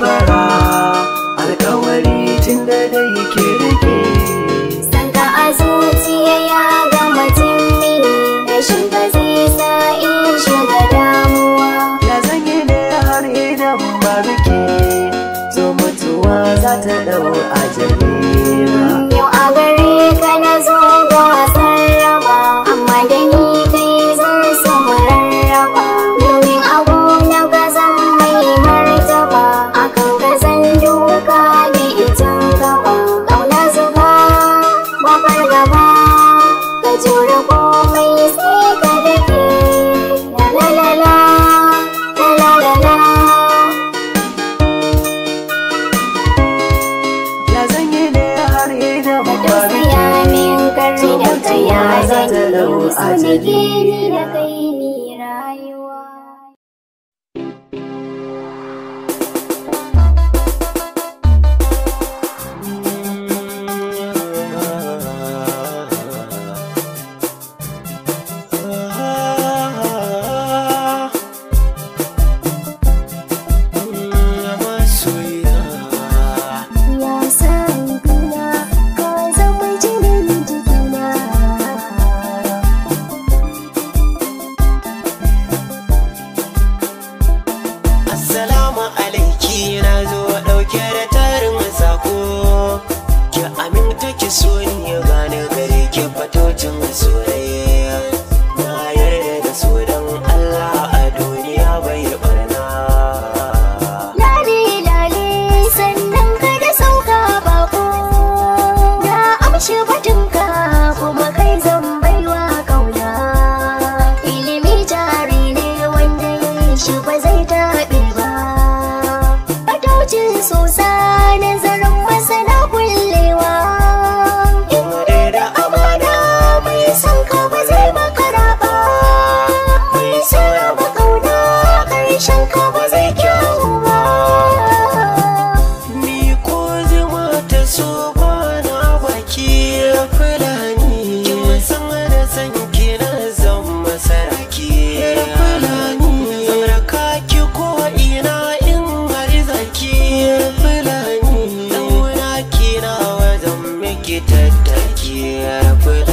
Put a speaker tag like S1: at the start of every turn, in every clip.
S1: Bye-bye. jure komai sai ka dake ya zan da mabari ya min kar da ta lau a jiki ni da kai you was tattaki ya rabu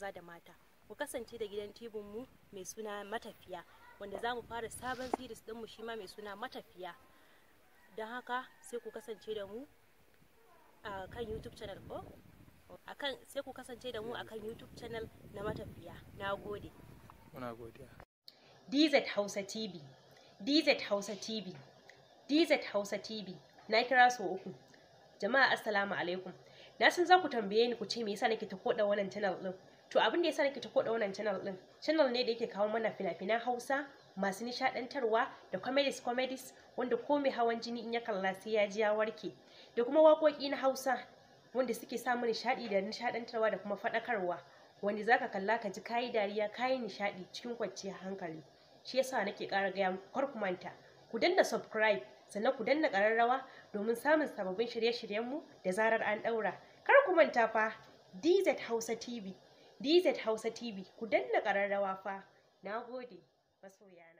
S2: maza da mata ku kasance da gidan tibin mu mai suna matafiya wanda za mu fara sabon series ɗinmu shi ma mai suna matafiya don haka sai ku kasance da mu a kan youtube channel ko akan sai ku kasance da mu akan youtube channel na matafiya na gode muna godiya dz hausa tv dz hausa tv dz hausa tv na kira sau uku jama'a assalamu alaikum na san za ku tambaye ni ku ce me yasa nake ta koda wannan channel din to abin da ya sa nake ta koda wannan channel din channel ne da yake kawo mana fina hausa masu nishadantarwa da comedies comedies wanda ko mai hawan jini in ya kalla sai ya ji ya warke da kuma wakoki na hausa wanda suke samu nishadi da nishadantarwa da kuma faɗakarwa wanda zaka kalla ka ji kai dariya kai nishadi cikin kwanciyar hankali shi yasa nake ƙara gaya kar ku manta ku danna subscribe sannan ku danna ƙararrawa domin samun sababbin shirye shiryen mu da zarar an ɗaura kar ku manta fa DZ Hausa TV DZ Hausa TV ku danna ƙararrawa fa. Na gode masoyana.